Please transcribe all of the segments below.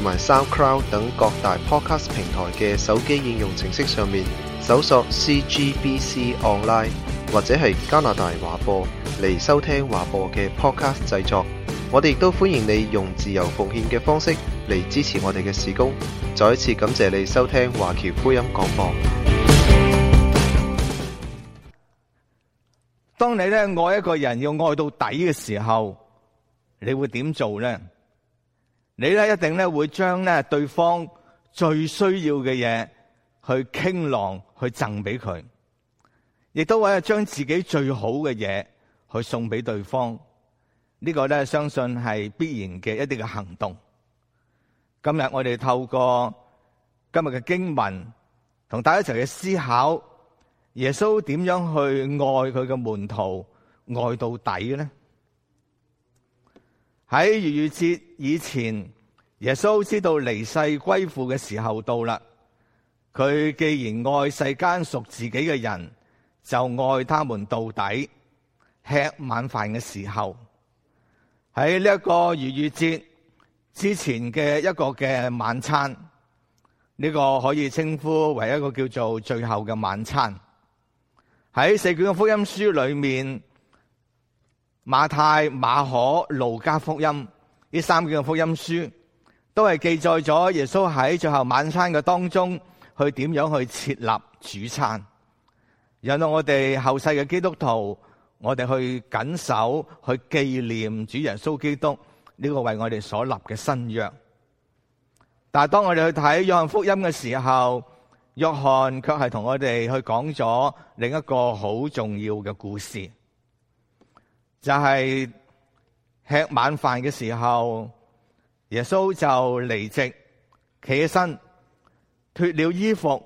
同埋 SoundCloud 等各大 Podcast 平台嘅手機應用程式上面搜索 CGBC Online 或者係加拿大華播嚟收聽華播嘅 Podcast 製作。我哋亦都歡迎你用自由奉獻嘅方式嚟支持我哋嘅事工。再一次感謝你收聽華僑福音廣播。當你咧愛一個人要愛到底嘅時候，你會點做咧？你咧一定咧會將咧對方最需要嘅嘢去傾囊，去贈俾佢，亦都會將自己最好嘅嘢去送俾對方。呢、這個咧相信係必然嘅一定嘅行動。今日我哋透過今日嘅經文，同大家一齊去思考耶穌點樣去愛佢嘅門徒，愛到底咧。喺逾越節以前。耶穌知道離世歸父嘅時候到啦，佢既然愛世間屬自己嘅人，就愛他們到底。吃晚飯嘅時候，喺呢一個逾越節之前嘅一個嘅晚餐，呢、這個可以稱呼為一個叫做最後嘅晚餐。喺四卷嘅福音書裏面，馬太、馬可、路加福音呢三卷嘅福音書。都係記載咗耶穌喺最後晚餐嘅當中，去點樣去設立主餐，引到我哋後世嘅基督徒，我哋去謹守去紀念主耶穌基督呢個為我哋所立嘅新約。但係當我哋去睇約翰福音嘅時候，約翰卻係同我哋去講咗另一個好重要嘅故事，就係吃晚飯嘅時候。耶穌就離席，企起身，脫了衣服，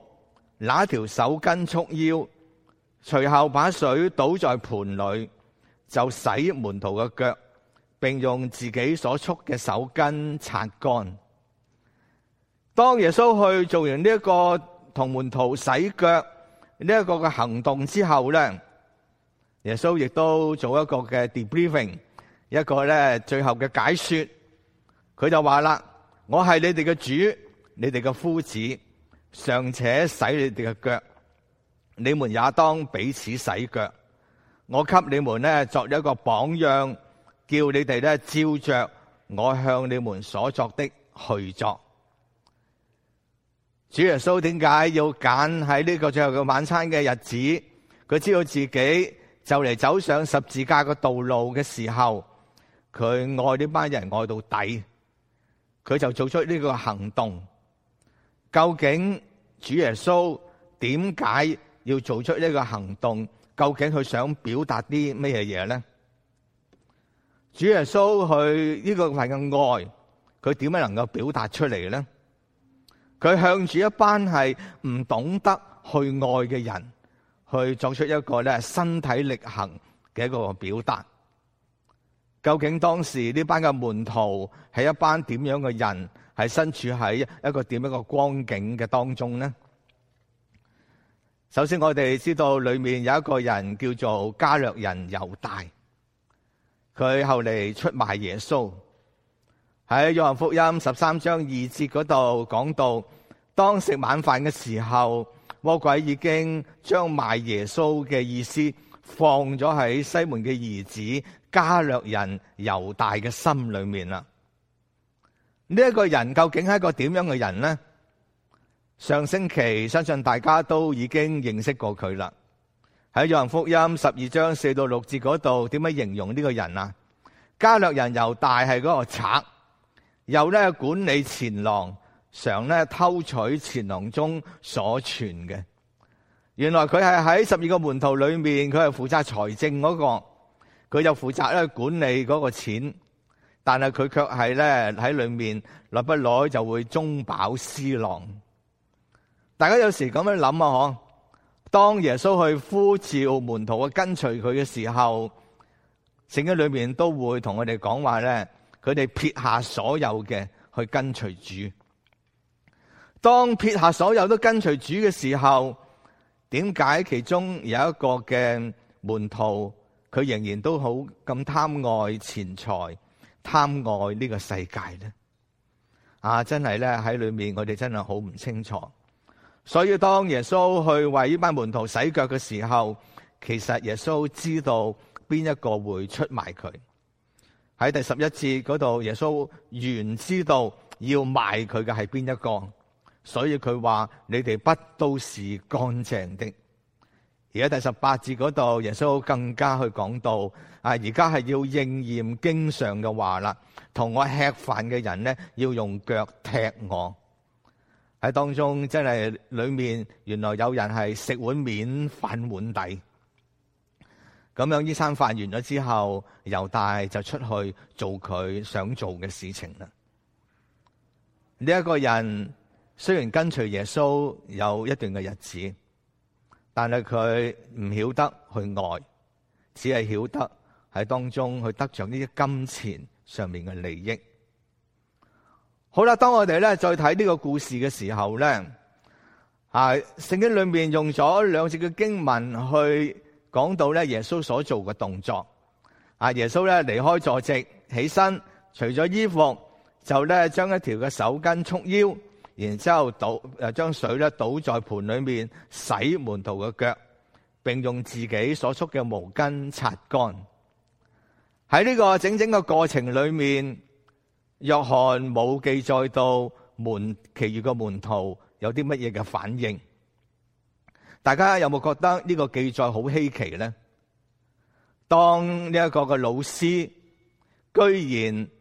拿條手巾束腰，隨後把水倒在盆裏，就洗門徒嘅腳，並用自己所束嘅手巾擦乾。當耶穌去做完呢、這、一個同門徒洗腳呢一個嘅行動之後咧，耶穌亦都做一個嘅 debriefing，一個咧最後嘅解說。佢就話啦：我係你哋嘅主，你哋嘅夫子，尚且洗你哋嘅腳，你們也當彼此洗腳。我給你們呢作一個榜樣，叫你哋呢照着我向你們所作的去作。主耶穌點解要揀喺呢個最後嘅晚餐嘅日子？佢知道自己就嚟走上十字架嘅道路嘅時候，佢愛呢班人愛到底。佢就做出呢個行動。究竟主耶穌點解要做出呢個行動？究竟佢想表達啲咩嘢嘢咧？主耶穌佢呢個份嘅愛，佢點樣能夠表達出嚟咧？佢向住一班係唔懂得去愛嘅人，去作出一個咧身體力行嘅一個表達。究竟當時呢班嘅門徒係一班點樣嘅人，係身處喺一個點樣嘅光景嘅當中呢？首先我哋知道裏面有一個人叫做加略人猶大，佢後嚟出賣耶穌。喺約翰福音十三章二節嗰度講到，當食晚飯嘅時候，魔鬼已經將賣耶穌嘅意思放咗喺西門嘅兒子。加略人猶大嘅心裏面啦，呢一個人究竟係一個點樣嘅人咧？上星期相信大家都已經認識過佢啦。喺《約翰福音》十二章四到六節嗰度，點樣形容呢個人啊？加略人猶大係嗰個賊，又咧管理錢囊，常咧偷取錢囊中所存嘅。原來佢係喺十二個門徒裏面，佢係負責財政嗰、那個。佢就負責咧管理嗰個錢，但係佢卻係咧喺裏面，耐不耐就會中飽私囊。大家有時咁樣諗啊，嗬？當耶穌去呼召門徒去跟隨佢嘅時候，聖經裏面都會同我哋講話咧，佢哋撇下所有嘅去跟隨主。當撇下所有都跟隨主嘅時候，點解其中有一個嘅門徒？佢仍然都好咁貪愛錢財，貪愛呢個世界咧。啊，真係咧喺裏面，我哋真係好唔清楚。所以當耶穌去為呢班門徒洗腳嘅時候，其實耶穌知道邊一個會出賣佢。喺第十一節嗰度，耶穌原知道要賣佢嘅係邊一個，所以佢話：你哋不都是乾淨的。而家第十八節嗰度，耶穌更加去講到，啊，而家係要應驗經上嘅話啦，同我吃飯嘅人咧，要用腳踢我。喺當中真係裏面，原來有人係食碗麵，反碗底。咁樣，醫生飯完咗之後，猶大就出去做佢想做嘅事情啦。呢、這、一個人雖然跟隨耶穌有一段嘅日子。但係佢唔曉得去愛，只係曉得喺當中去得着呢啲金錢上面嘅利益。好啦，當我哋咧再睇呢個故事嘅時候咧，啊，聖經裏面用咗兩節嘅經文去講到咧耶穌所做嘅動作。啊，耶穌咧離開坐席，起身，除咗衣服，就咧將一條嘅手巾束腰。然之後倒誒，將水咧倒在盆裏面洗門徒嘅腳，並用自己所束嘅毛巾擦乾。喺呢個整整嘅過程裏面，約翰冇記載到門其餘嘅門徒有啲乜嘢嘅反應。大家有冇覺得呢個記載好稀奇咧？當呢一個嘅老師，居然～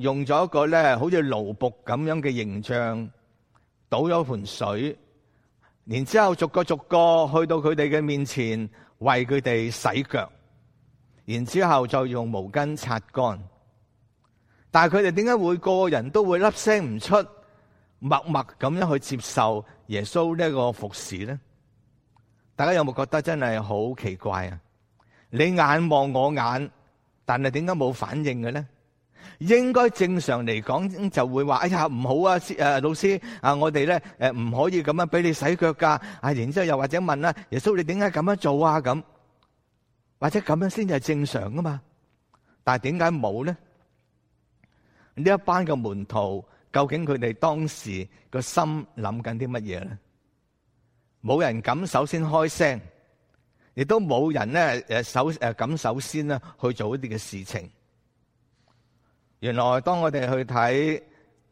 用咗一個咧，好似奴僕咁樣嘅形象，倒咗盆水，然之後逐個逐個去到佢哋嘅面前，為佢哋洗腳，然之後再用毛巾擦乾。但係佢哋點解會個個人都會粒聲唔出，默默咁樣去接受耶穌呢一個服侍咧？大家有冇覺得真係好奇怪啊？你眼望我眼，但係點解冇反應嘅咧？應該正常嚟講，就會話：哎呀，唔好啊，師誒，老師啊，我哋咧誒，唔可以咁樣俾你洗腳噶。啊，然之後又或者問啦：耶穌，你點解咁樣做啊？咁或者咁樣先至係正常噶嘛？但係點解冇咧？呢一班嘅門徒，究竟佢哋當時個心諗緊啲乜嘢咧？冇人敢首先開聲，亦都冇人咧誒首誒敢首先啦去做一啲嘅事情。原來當我哋去睇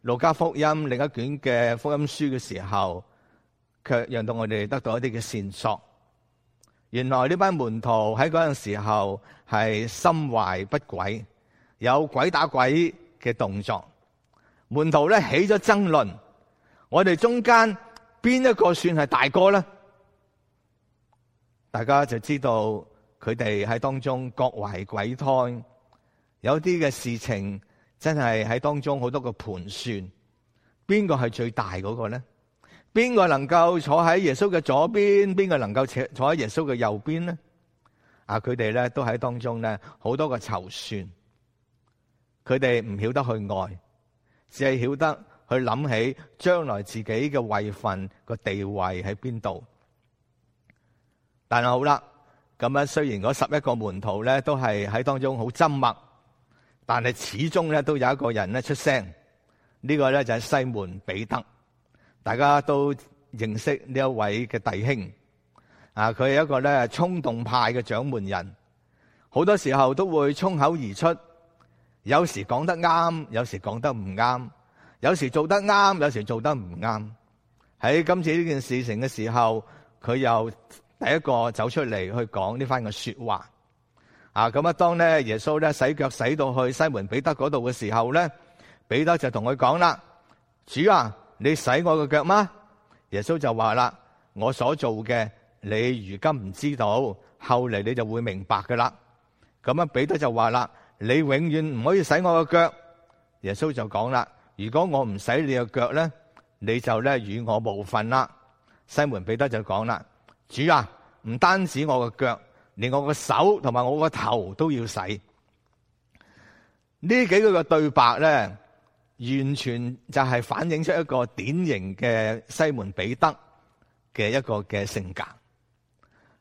路加福音，另一卷嘅福音書嘅時候，卻讓到我哋得到一啲嘅線索。原來呢班門徒喺嗰陣時候係心懷不軌，有鬼打鬼嘅動作。門徒咧起咗爭論，我哋中間邊一個算係大哥咧？大家就知道佢哋喺當中各懷鬼胎，有啲嘅事情。真係喺當中好多個盤算，邊個係最大嗰個咧？邊個能夠坐喺耶穌嘅左邊？邊個能夠坐喺耶穌嘅右邊咧？啊，佢哋咧都喺當中咧好多個籌算，佢哋唔曉得去愛，只係曉得去諗起將來自己嘅位份、個地位喺邊度。但係好啦，咁樣雖然嗰十一個門徒咧都係喺當中好憎物。但係始終咧，都有一個人咧出聲，呢個咧就係西門彼得，大家都認識呢一位嘅弟兄。啊，佢係一個咧衝動派嘅掌門人，好多時候都會衝口而出，有時講得啱，有時講得唔啱，有時做得啱，有時做得唔啱。喺今次呢件事情嘅時候，佢又第一個走出嚟去講呢番嘅説話。嗱咁啊，當咧耶穌咧洗腳洗到去西門彼得嗰度嘅時候咧，彼得就同佢講啦，主啊，你洗我個腳嗎？耶穌就話啦，我所做嘅，你如今唔知道，後嚟你就會明白噶啦。咁啊，彼得就話啦，你永遠唔可以洗我個腳。耶穌就講啦，如果我唔洗你嘅腳咧，你就咧與我無份啦。西門彼得就講啦，主啊，唔單止我嘅腳。連我個手同埋我個頭都要洗。呢幾個嘅對白呢，完全就係反映出一個典型嘅西門彼得嘅一個嘅性格。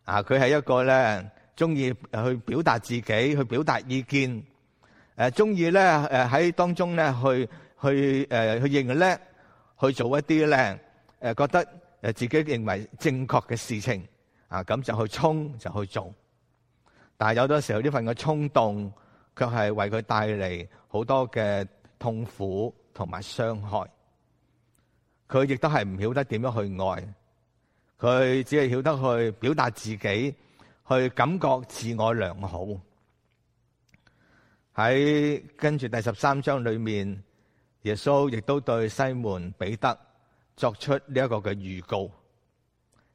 啊，佢係一個呢，中意去表達自己，去表達意見。呃，中意呢，呃，喺當中呢，去，去，呃，去認叻呢，去做一啲呢，覺得自己認為正確嘅事情。啊，咁就去衝，就去做。但係，有好多時候呢份嘅衝動，卻係為佢帶嚟好多嘅痛苦同埋傷害。佢亦都係唔曉得點樣去愛，佢只係曉得去表達自己，去感覺自我良好。喺跟住第十三章裏面，耶穌亦都對西門彼得作出呢一個嘅預告。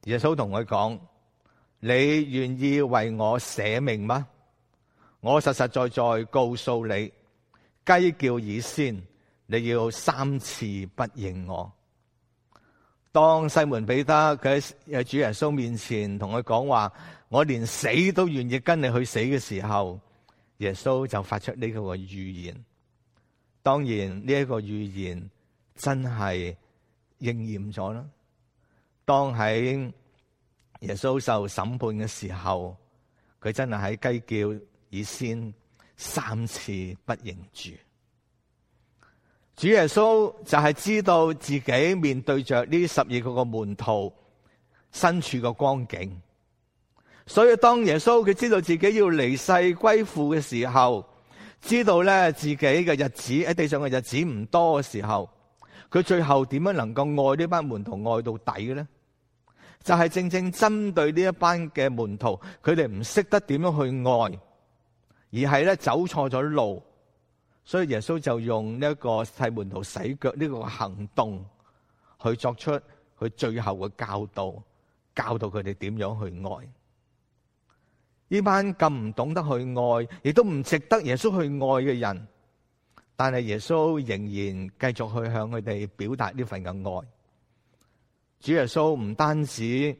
耶穌同佢講：你願意為我捨命嗎？我實實在在告訴你，雞叫以先，你要三次不認我。當西門彼得佢喺主耶穌面前同佢講話，我連死都願意跟你去死嘅時候，耶穌就發出呢個個預言。當然呢一個預言真係應驗咗啦。當喺耶穌受審判嘅時候，佢真係喺雞叫以先三次不認主。主耶穌就係知道自己面對着呢十二個個門徒身處個光景，所以當耶穌佢知道自己要離世歸父嘅時候，知道咧自己嘅日子喺地上嘅日子唔多嘅時候，佢最後點樣能夠愛呢班門徒愛到底嘅咧？就係正正針對呢一班嘅門徒，佢哋唔識得點樣去愛，而係咧走錯咗路，所以耶穌就用呢個替門徒洗腳呢個行動，去作出佢最後嘅教導，教導佢哋點樣去愛。呢班咁唔懂得去愛，亦都唔值得耶穌去愛嘅人，但係耶穌仍然繼續去向佢哋表達呢份嘅愛。主耶穌唔單止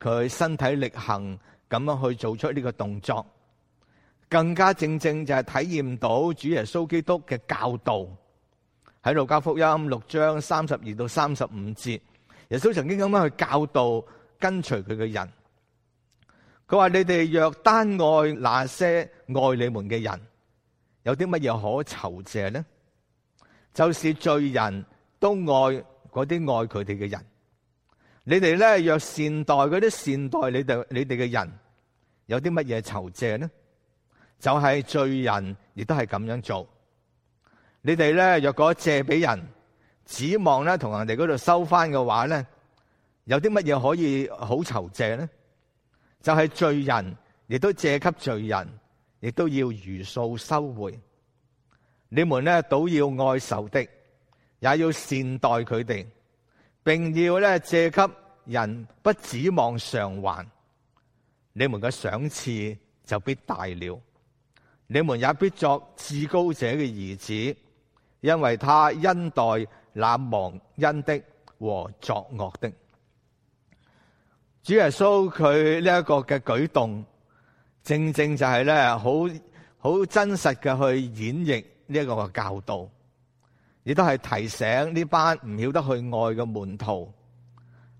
佢身體力行咁樣去做出呢個動作，更加正正就係體驗到主耶穌基督嘅教導。喺《路加福音》六章三十二到三十五節，耶穌曾經咁樣去教導跟隨佢嘅人。佢話：你哋若單愛那些愛你們嘅人，有啲乜嘢可酬謝呢？就是罪人都愛嗰啲愛佢哋嘅人。你哋咧若善待嗰啲善待你哋你哋嘅人，有啲乜嘢酬謝呢？就係、是、罪人，亦都係咁樣做。你哋咧若果借俾人，指望咧同人哋嗰度收翻嘅話咧，有啲乜嘢可以好酬謝呢？就係、是、罪人，亦都借給罪人，亦都要如數收回。你們咧都要愛仇的，也要善待佢哋。並要咧借給人，不指望償還，你們嘅賞賜就必大了。你們也必作至高者嘅兒子，因為他恩待那忘恩的和作惡的。主耶穌佢呢一個嘅舉動，正正就係咧好好真實嘅去演繹呢一個嘅教導。亦都係提醒呢班唔曉得去愛嘅門徒，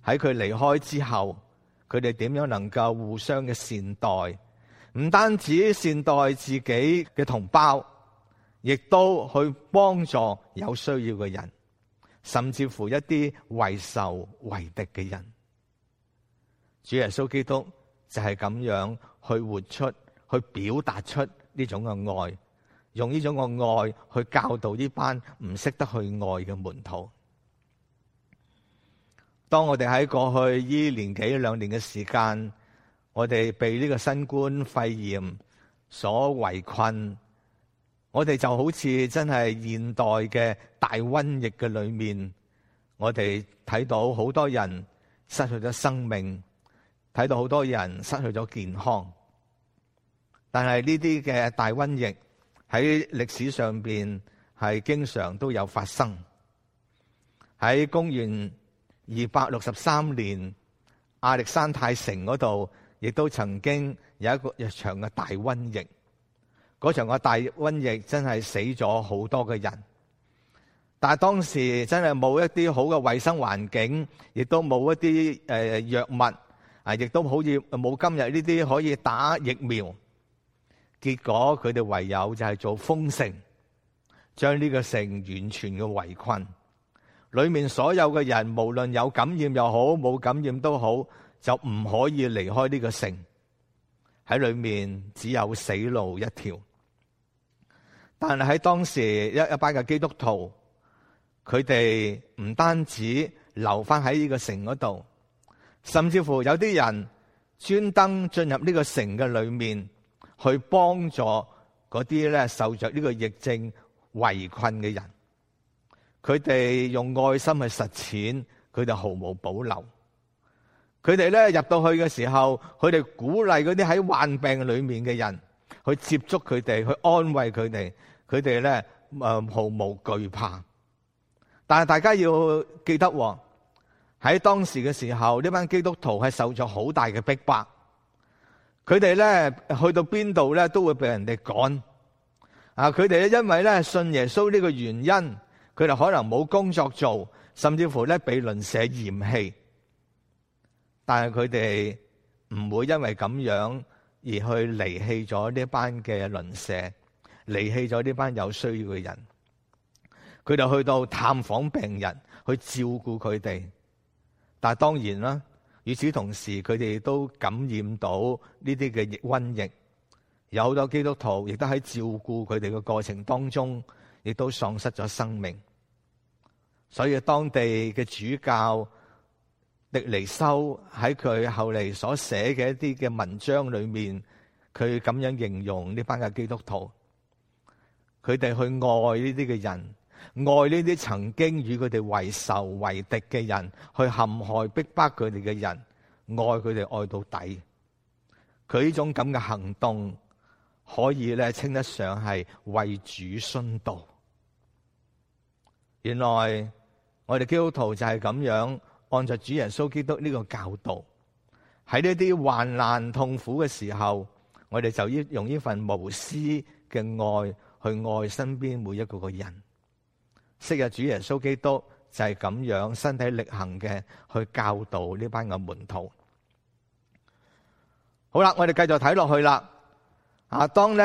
喺佢離開之後，佢哋點樣能夠互相嘅善待，唔單止善待自己嘅同胞，亦都去幫助有需要嘅人，甚至乎一啲為仇為敵嘅人。主耶穌基督就係咁樣去活出、去表達出呢種嘅愛。用呢種嘅愛去教導呢班唔識得去愛嘅門徒。當我哋喺過去呢年幾兩年嘅時間，我哋被呢個新冠肺炎所圍困，我哋就好似真係現代嘅大瘟疫嘅裏面，我哋睇到好多人失去咗生命，睇到好多人失去咗健康。但係呢啲嘅大瘟疫。喺歷史上邊係經常都有發生。喺公元二百六十三年，亞歷山太城嗰度亦都曾經有一個一場嘅大瘟疫。嗰場嘅大瘟疫真係死咗好多嘅人。但係當時真係冇一啲好嘅衛生環境，亦都冇一啲誒藥物，啊，亦都好似冇今日呢啲可以打疫苗。結果佢哋唯有就係做封城，將呢個城完全嘅圍困，裏面所有嘅人無論有感染又好，冇感染都好，就唔可以離開呢個城喺裏面，只有死路一條。但係喺當時，一一班嘅基督徒，佢哋唔單止留翻喺呢個城嗰度，甚至乎有啲人專登進入呢個城嘅裏面。去幫助嗰啲咧受着呢個疫症圍困嘅人，佢哋用愛心去實踐，佢哋毫無保留。佢哋咧入到去嘅時候，佢哋鼓勵嗰啲喺患病裏面嘅人去接觸佢哋，去安慰佢哋，佢哋咧誒毫無懼怕。但係大家要記得，喺當時嘅時候，呢班基督徒係受咗好大嘅逼迫。佢哋咧去到邊度咧都會畀人哋趕啊！佢哋咧因為咧信耶穌呢個原因，佢哋可能冇工作做，甚至乎咧畀鄰舍嫌棄。但係佢哋唔會因為咁樣而去離棄咗呢班嘅鄰舍，離棄咗呢班有需要嘅人。佢哋去到探訪病人，去照顧佢哋。但係當然啦。與此同時，佢哋都感染到呢啲嘅疫瘟疫，有好多基督徒亦都喺照顧佢哋嘅過程當中，亦都喪失咗生命。所以當地嘅主教迪尼修喺佢後嚟所寫嘅一啲嘅文章裏面，佢咁樣形容呢班嘅基督徒，佢哋去愛呢啲嘅人，愛呢啲曾經與佢哋為仇為敵嘅人，去陷害逼迫佢哋嘅人，愛佢哋愛到底。佢呢種咁嘅行動可以咧，稱得上係為主殉道。原來我哋基督徒就係咁樣，按照主耶穌基督呢個教導，喺呢啲患難痛苦嘅時候，我哋就用呢份無私嘅愛去愛身邊每一個個人。昔日主耶穌基督就係咁樣身體力行嘅去教導呢班嘅門徒。好啦，我哋繼續睇落去啦。啊，當咧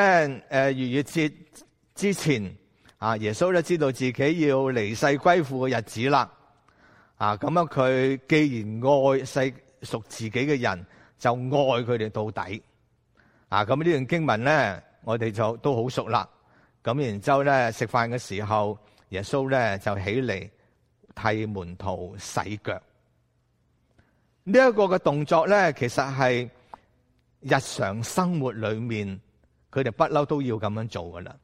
誒逾越節之前，啊耶穌咧知道自己要離世歸父嘅日子啦。啊，咁樣佢既然愛世屬自己嘅人，就愛佢哋到底。啊，咁呢段經文咧，我哋就都好熟啦。咁然之後咧食飯嘅時候。耶穌咧就起嚟，替門徒洗腳。呢一個嘅動作咧，其實係日常生活裏面佢哋不嬲都要咁樣做噶啦。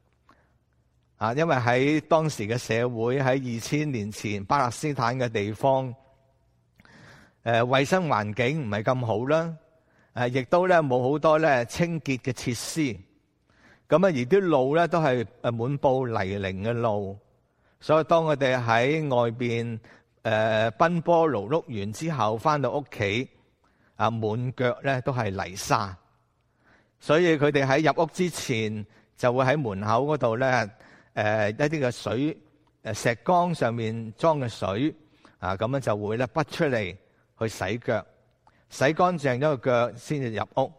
啊，因為喺當時嘅社會，喺二千年前巴勒斯坦嘅地方，誒衛生環境唔係咁好啦。誒，亦都咧冇好多咧清潔嘅設施。咁啊，而啲路咧都係誒滿布泥濘嘅路。所以當佢哋喺外面誒奔波勞碌完之後，翻到屋企啊，滿腳咧都係泥沙，所以佢哋喺入屋之前就會喺門口嗰度咧，誒一啲嘅水誒石缸上面裝嘅水啊，咁樣就會咧不出嚟去洗腳，洗乾淨咗個腳先至入屋。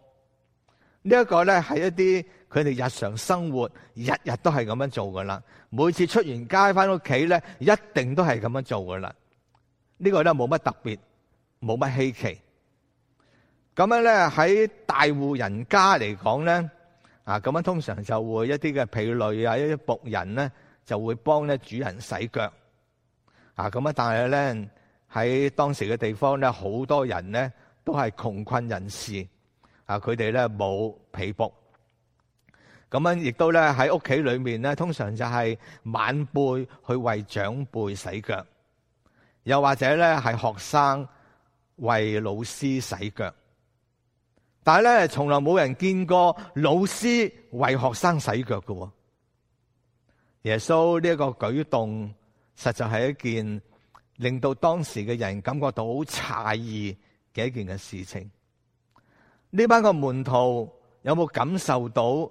呢一個咧係一啲。佢哋日常生活日日都係咁樣做噶啦，每次出完街翻屋企咧，一定都係咁樣做噶啦。呢個咧冇乜特別，冇乜稀奇。咁樣咧喺大戶人家嚟講咧，啊咁樣通常就會一啲嘅婢女啊，一啲僕人咧就會幫咧主人洗腳。啊咁樣但係咧喺當時嘅地方咧，好多人咧都係窮困人士，啊佢哋咧冇婢僕。咁樣亦都咧喺屋企裏面咧，通常就係晚輩去為長輩洗腳，又或者咧係學生為老師洗腳。但係咧從來冇人見過老師為學生洗腳嘅。耶穌呢一個舉動，實在係一件令到當時嘅人感覺到好詫異嘅一件嘅事情。呢班個門徒有冇感受到？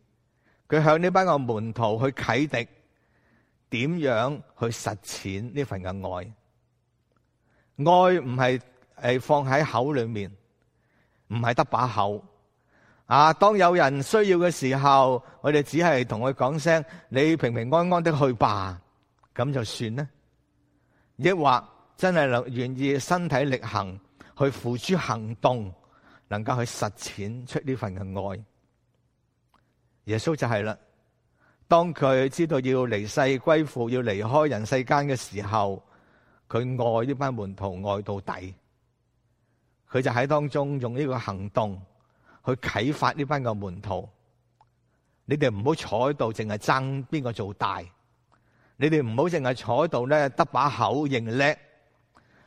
佢向呢班嘅門徒去啟迪，點樣去實踐呢份嘅愛？愛唔係放喺口裏面，唔係得把口。啊，當有人需要嘅時候，我哋只係同佢講聲：你平平安安的去吧，咁就算啦。抑或真係願意身體力行，去付諸行動，能夠去實踐出呢份嘅愛。耶穌就係啦，當佢知道要離世歸父，要離開人世間嘅時候，佢愛呢班門徒愛到底，佢就喺當中用呢個行動去啟發呢班嘅門徒。你哋唔好坐喺度淨係爭邊個做大，你哋唔好淨係坐喺度咧得把口認叻，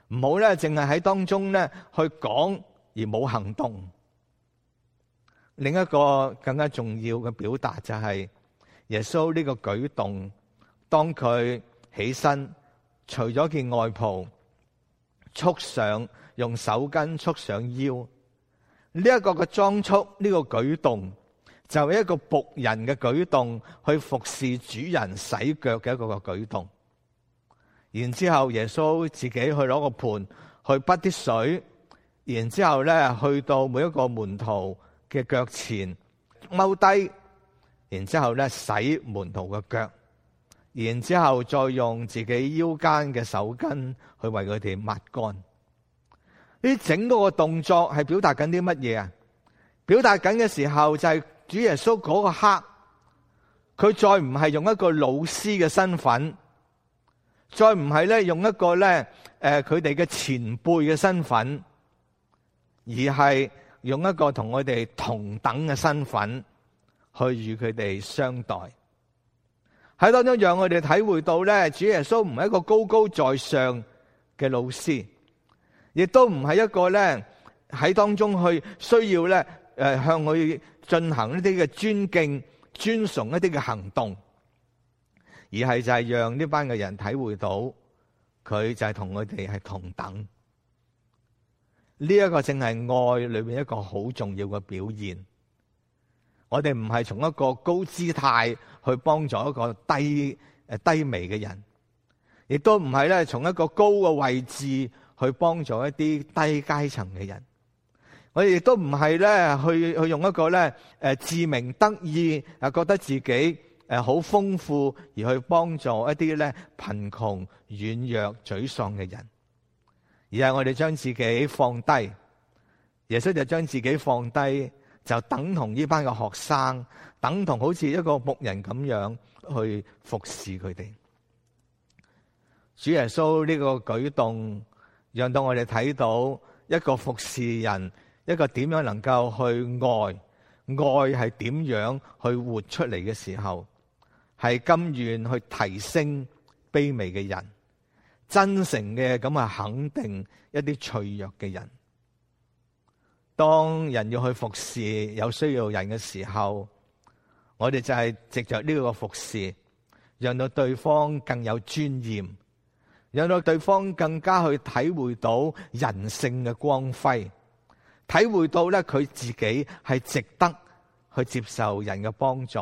唔好咧淨係喺當中咧去講而冇行動。另一個更加重要嘅表達就係耶穌呢個舉動，當佢起身，除咗件外袍，束上用手巾束上腰，呢、這、一個嘅裝束，呢、這個舉動就係、是、一個僕人嘅舉動，去服侍主人洗腳嘅一個個舉動。然之後耶穌自己去攞個盆去潷啲水，然之後咧去到每一個門徒嘅腳前踎低，然之後咧洗門徒嘅腳，然之後再用自己腰間嘅手巾去為佢哋抹乾。呢整個動作係表達緊啲乜嘢啊？表達緊嘅時候就係主耶穌嗰個刻，佢再唔係用一個老師嘅身份，再唔係咧用一個咧誒佢哋嘅前輩嘅身份，而係。用一個同我哋同等嘅身份去與佢哋相待，喺當中讓我哋體會到咧，主耶穌唔係一個高高在上嘅老師，亦都唔係一個咧喺當中去需要咧誒向佢進行一啲嘅尊敬、尊崇一啲嘅行動，而係就係讓呢班嘅人體會到佢就係同我哋係同等。呢、這、一個正係愛裏面一個好重要嘅表現。我哋唔係從一個高姿態去幫助一個低誒低微嘅人，亦都唔係咧從一個高嘅位置去幫助一啲低階層嘅人。我哋亦都唔係咧去去用一個咧誒自鳴得意啊，覺得自己誒好豐富而去幫助一啲咧貧窮、軟弱、沮喪嘅人。而係我哋將自己放低，耶穌就將自己放低，就等同呢班嘅學生，等同好似一個牧人咁樣去服侍佢哋。主耶穌呢個舉動，讓到我哋睇到一個服侍人，一個點樣能夠去愛，愛係點樣去活出嚟嘅時候，係甘願去提升卑微嘅人。真誠嘅咁啊，肯定一啲脆弱嘅人。當人要去服侍有需要人嘅時候，我哋就係藉着呢個服侍，讓到對方更有尊嚴，讓到對方更加去體會到人性嘅光輝，體會到咧佢自己係值得去接受人嘅幫助，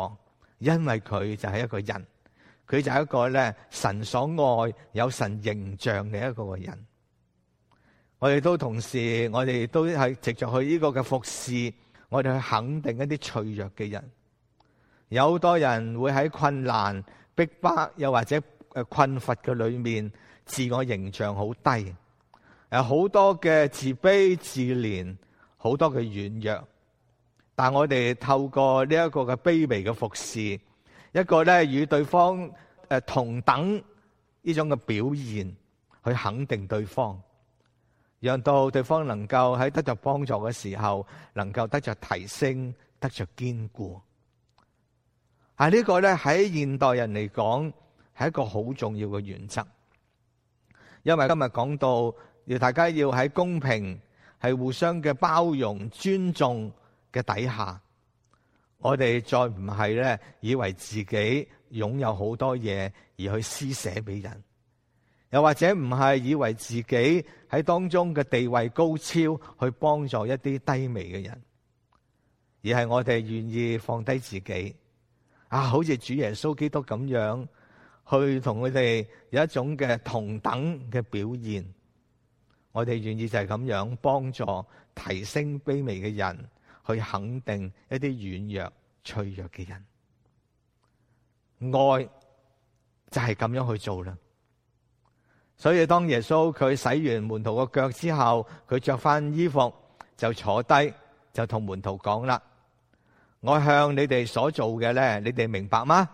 因為佢就係一個人。佢就係一個咧神所愛有神形象嘅一個人，我哋都同時，我哋都係藉住去呢個嘅服侍，我哋去肯定一啲脆弱嘅人。有好多人會喺困難、逼迫，迫又或者誒困乏嘅裏面，自我形象好低，有好多嘅自卑、自憐，好多嘅軟弱。但我哋透過呢一個嘅卑微嘅服侍。一個咧與對方誒同等呢種嘅表現，去肯定對方，讓到對方能夠喺得着幫助嘅時候，能夠得着提升，得着堅固。啊，呢個咧喺現代人嚟講係一個好重要嘅原則，因為今日講到要大家要喺公平、係互相嘅包容、尊重嘅底下。我哋再唔係咧，以為自己擁有好多嘢，而去施捨俾人，又或者唔係以為自己喺當中嘅地位高超去幫助一啲低微嘅人，而係我哋願意放低自己，啊，好似主耶穌基督咁樣去同佢哋有一種嘅同等嘅表現，我哋願意就係咁樣幫助提升卑微嘅人。去肯定一啲軟弱、脆弱嘅人，愛就係咁樣去做啦。所以當耶穌佢洗完門徒個腳之後，佢着翻衣服就坐低，就同門徒講啦：我向你哋所做嘅咧，你哋明白嗎？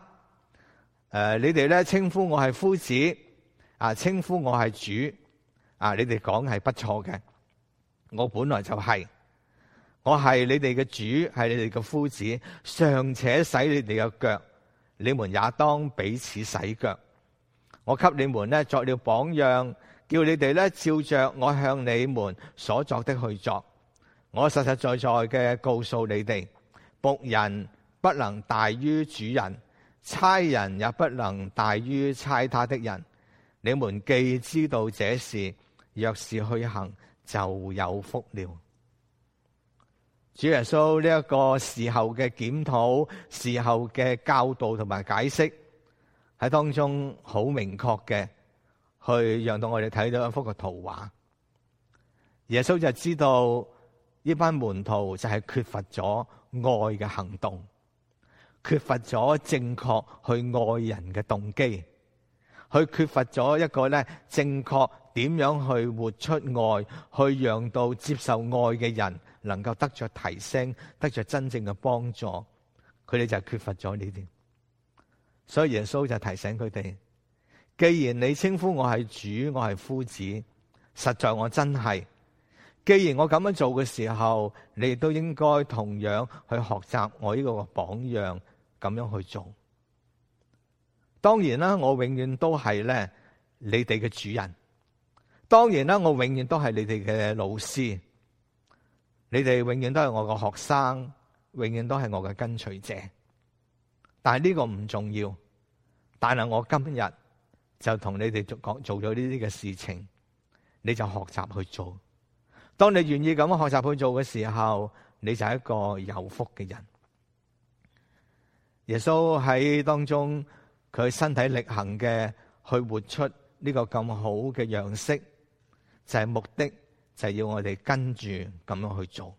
誒，你哋咧稱呼我係夫子啊，稱呼我係主啊，你哋講係不錯嘅，我本來就係。我係你哋嘅主，係你哋嘅夫子，尚且洗你哋嘅腳，你們也當彼此洗腳。我給你們咧作了榜樣，叫你哋咧照着我向你們所作的去作。我實實在在嘅告訴你哋，僕人不能大於主人，差人也不能大於差他的人。你們既知道這事，若是去行，就有福了。主耶穌呢一個事後嘅檢討，事後嘅教導同埋解釋，喺當中好明確嘅，去讓到我哋睇到一幅嘅圖畫。耶穌就知道呢班門徒就係缺乏咗愛嘅行動，缺乏咗正確去愛人嘅動機，佢缺乏咗一個咧正確點樣去活出愛，去讓到接受愛嘅人，能夠得着提升，得着真正嘅幫助，佢哋就缺乏咗呢啲。所以耶穌就提醒佢哋：既然你稱呼我係主，我係夫子，實在我真係。既然我咁樣做嘅時候，你都應該同樣去學習我呢個榜樣，咁樣去做。當然啦，我永遠都係咧你哋嘅主人。當然啦，我永遠都係你哋嘅老師。你哋永遠都係我嘅學生，永遠都係我嘅跟隨者。但係呢個唔重要，但係我今日就同你哋做講做咗呢啲嘅事情，你就學習去做。當你願意咁樣學習去做嘅時候，你就係一個有福嘅人。耶穌喺當中，佢身體力行嘅去活出呢個咁好嘅樣式，就係目的。就是，要我哋跟住咁樣去做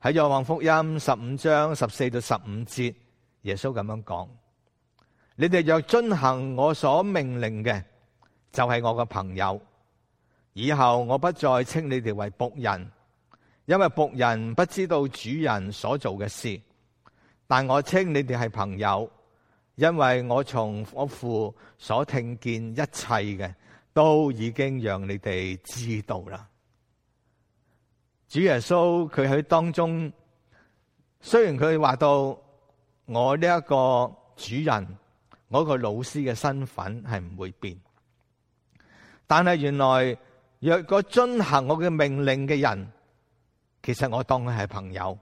在。喺《約翰福音》十五章十四到十五節，耶穌咁樣講：你哋若遵行我所命令嘅，就係我嘅朋友。以後我不再稱你哋為僕人，因為僕人不知道主人所做嘅事，但我稱你哋係朋友，因為我從我父所聽見一切嘅。都已經讓你哋知道啦。主耶穌佢喺當中，雖然佢話到我呢一個主人，我個老師嘅身份係唔會變，但係原來，若果遵行我嘅命令嘅人，其實我當佢係朋友，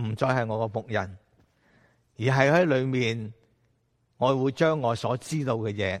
唔再係我個僕人，而係喺裏面，我會將我所知道嘅嘢。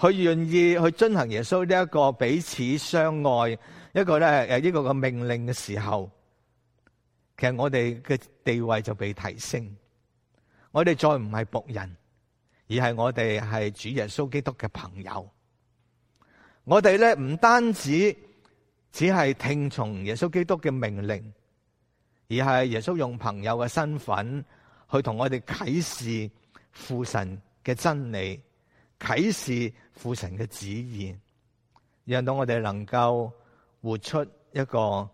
佢願意去遵行耶穌呢一個彼此相愛一個咧、誒呢個嘅命令嘅時候，其實我哋嘅地位就被提升，我哋再唔係僕人，而係我哋係主耶穌基督嘅朋友。我哋咧唔單止只係聽從耶穌基督嘅命令，而係耶穌用朋友嘅身份去同我哋啟示父神嘅真理，啟示。父神嘅旨意，讓到我哋能夠活出一個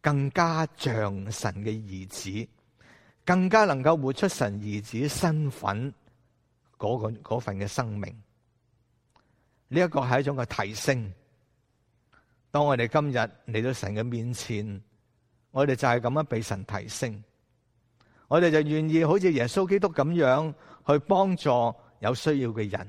更加像神嘅兒子，更加能夠活出神兒子的身份嗰、嗰個、份嘅生命。呢、呢、一個係一種嘅提升。當我哋今日嚟到神嘅面前，我哋就係咁樣畀神提升，我哋就願意好似耶穌基督咁樣去幫助有需要嘅人。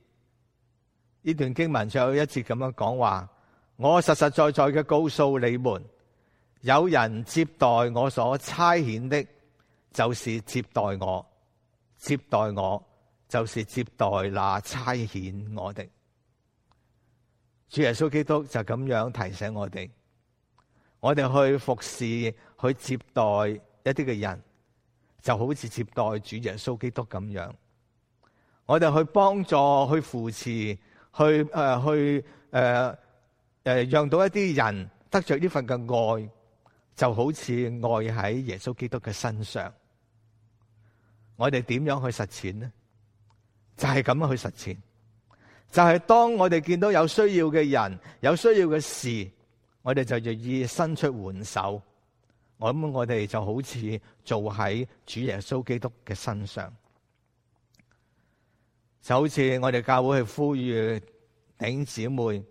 呢段經文最後一節咁樣講話：我實實在在嘅告訴你們，有人接待我所差遣的，就是接待我；接待我，就是接待那差遣我的。主耶穌基督就咁樣提醒我哋：我哋去服侍、去接待一啲嘅人，就好似接待主耶穌基督咁樣。我哋去幫助、去扶持。去誒、呃，去誒誒、呃，讓到一啲人得着呢份嘅愛，就好似愛喺耶穌基督嘅身上。我哋點樣去實踐呢？就係、是、咁樣去實踐。就係、是、當我哋見到有需要嘅人，有需要嘅事，我哋就願意伸出援手。咁我哋就好似做喺主耶穌基督嘅身上。就好似我哋教會去呼籲頂姊妹，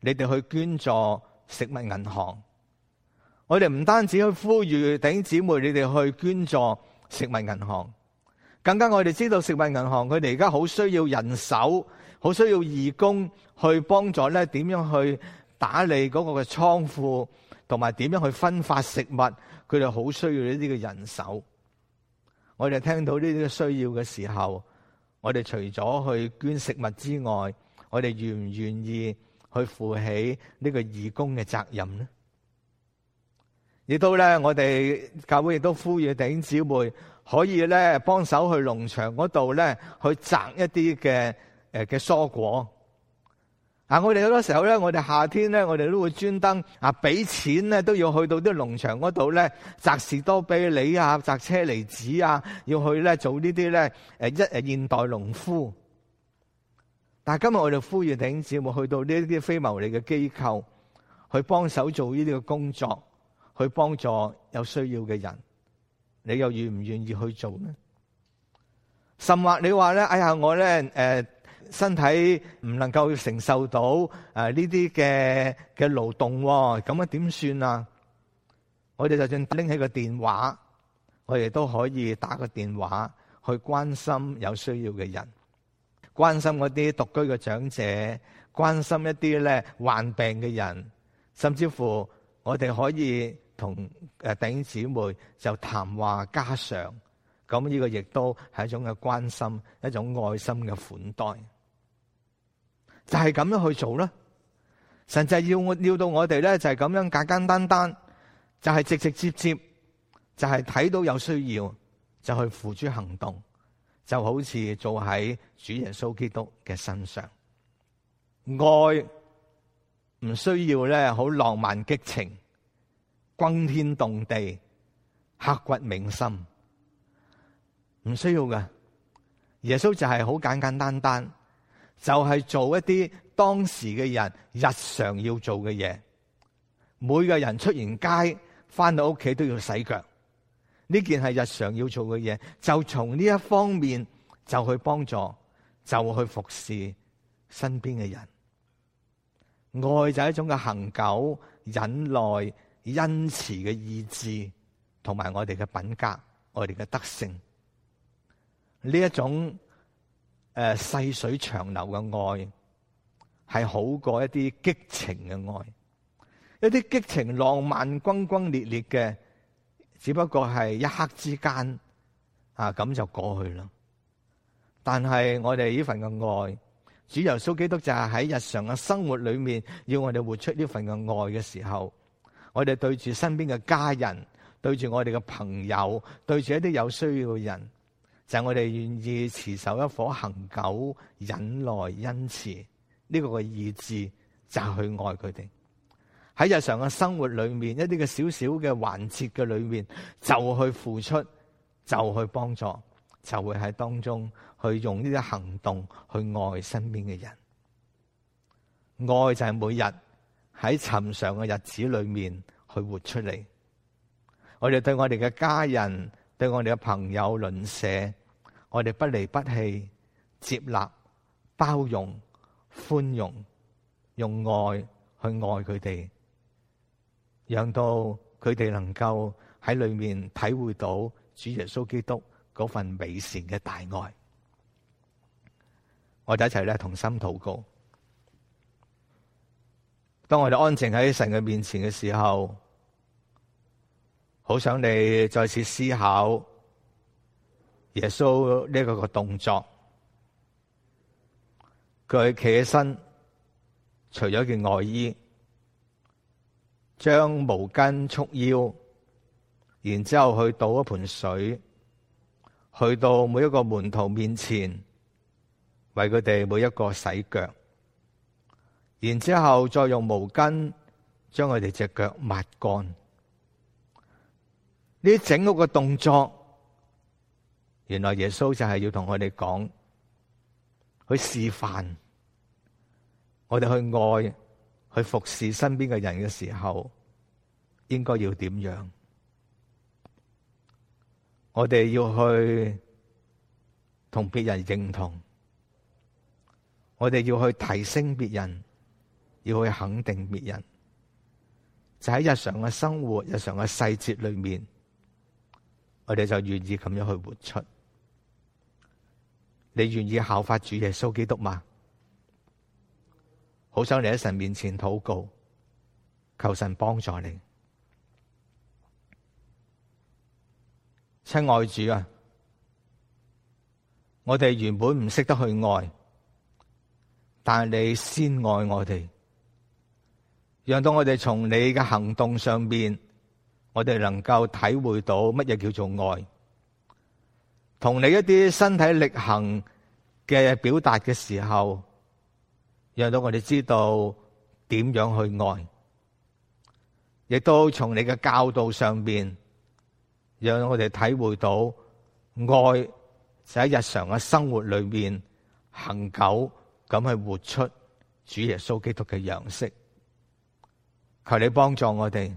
你哋去捐助食物銀行。我哋唔單止去呼籲頂姊妹，你哋去捐助食物銀行，更加我哋知道食物銀行佢哋而家好需要人手，好需要義工去幫助咧，點樣去打理嗰個嘅倉庫，同埋點樣去分發食物，佢哋好需要呢啲嘅人手。我哋聽到呢啲需要嘅時候。我哋除咗去捐食物之外，我哋願唔願意去負起呢個義工嘅責任呢？亦都咧，我哋教會亦都呼籲弟兄姊妹可以咧幫手去農場嗰度咧去摘一啲嘅誒嘅蔬果。啊！我哋好多時候咧，我哋夏天咧，我哋都會專登啊，俾錢咧都要去到啲農場嗰度咧，摘士多啤梨啊，摘車厘子啊，要去咧做呢啲咧誒一誒現代農夫。但係今日我哋呼籲弟兄姊妹去到呢啲非牟利嘅機構去幫手做呢啲嘅工作，去幫助有需要嘅人，你又願唔願意去做呢？甚或你話咧，哎呀，我咧誒。身體唔能夠承受到誒呢啲嘅嘅勞動喎，咁樣點算啊？我哋就算拎起個電話，我哋都可以打個電話去關心有需要嘅人，關心嗰啲獨居嘅長者，關心一啲咧患病嘅人，甚至乎我哋可以同誒弟兄姊妹就談話家常，咁呢個亦都係一種嘅關心，一種愛心嘅款待。就係咁樣去做啦，神就係要我，要到我哋咧就係咁樣簡簡單單，就係直直接接，就係睇到有需要就去付諸行動，就好似做喺主耶穌基督嘅身上，愛唔需要咧好浪漫激情，轟天動地，刻骨銘心，唔需要㗎。耶穌就係好簡簡單單。就係、是、做一啲當時嘅人日常要做嘅嘢，每個人出完街翻到屋企都要洗腳，呢件係日常要做嘅嘢，就從呢一方面就去幫助，就去服侍身邊嘅人。愛就係一種嘅恆久忍耐恩慈嘅意志，同埋我哋嘅品格，我哋嘅德性呢一種。誒，細水長流嘅愛係好過一啲激情嘅愛，一啲激情浪漫轟轟烈烈嘅，只不過係一刻之間啊，咁就過去啦。但係我哋呢份嘅愛，主耶穌基督就係喺日常嘅生活裏面，要我哋活出呢份嘅愛嘅時候，我哋對住身邊嘅家人，對住我哋嘅朋友，對住一啲有需要嘅人。就是，我哋願意持守一顆恒久忍耐恩慈呢，這個嘅意志，就去愛佢哋。喺日常嘅生活裏面，一啲嘅小小嘅環節嘅裏面，就去付出，就去幫助，就會喺當中去用呢啲行動去愛身邊嘅人。愛就係每日喺尋常嘅日子裏面去活出嚟。我哋對我哋嘅家人。對我哋嘅朋友鄰舍，我哋不離不棄，接納、包容、寬容，用愛去愛佢哋，讓到佢哋能夠喺裏面體會到主耶穌基督嗰份美善嘅大愛。我哋一齊咧同心禱告。當我哋安靜喺神嘅面前嘅時候。好想你再次思考耶穌呢個個動作，佢企起身，除咗件外衣，將毛巾束腰，然之後去倒一盆水，去到每一個門徒面前，為佢哋每一個洗腳，然之後再用毛巾將佢哋隻腳抹乾。呢啲整屋嘅動作，原來耶穌就係要同我哋講，去示範，我哋去愛，去服侍身邊嘅人嘅時候，應該要點樣？我哋要去同別人認同，我哋要去提升別人，要去肯定別人，就喺日常嘅生活、日常嘅細節裏面。我哋就願意咁樣去活出。你願意效法主耶穌基督嗎？好想你喺神面前禱告，求神幫助你。親愛主啊，我哋原本唔識得去愛，但係你先愛我哋，讓到我哋從你嘅行動上面。我哋能夠體會到乜嘢叫做愛，同你一啲身體力行嘅表達嘅時候，讓到我哋知道點樣去愛，亦都從你嘅教導上面，讓到我哋體會到愛就喺日常嘅生活裏面恒久咁去活出主耶穌基督嘅樣式。求你幫助我哋。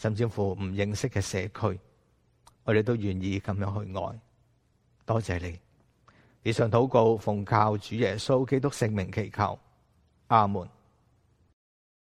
甚至乎唔認識嘅社區，我哋都願意咁樣去愛。多謝你，以上禱告奉靠主耶穌基督聖名祈求，阿門。